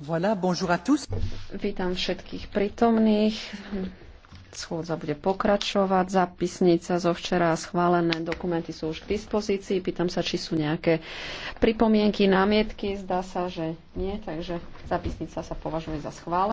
Voilà, bonjour à tous. Vítam všetkých prítomných. Schôdza bude pokračovať. Zapisnica zo včera schválené dokumenty sú už k dispozícii. Pýtam sa, či sú nejaké pripomienky, námietky. Zdá sa, že nie, takže zapisnica sa považuje za schválenú.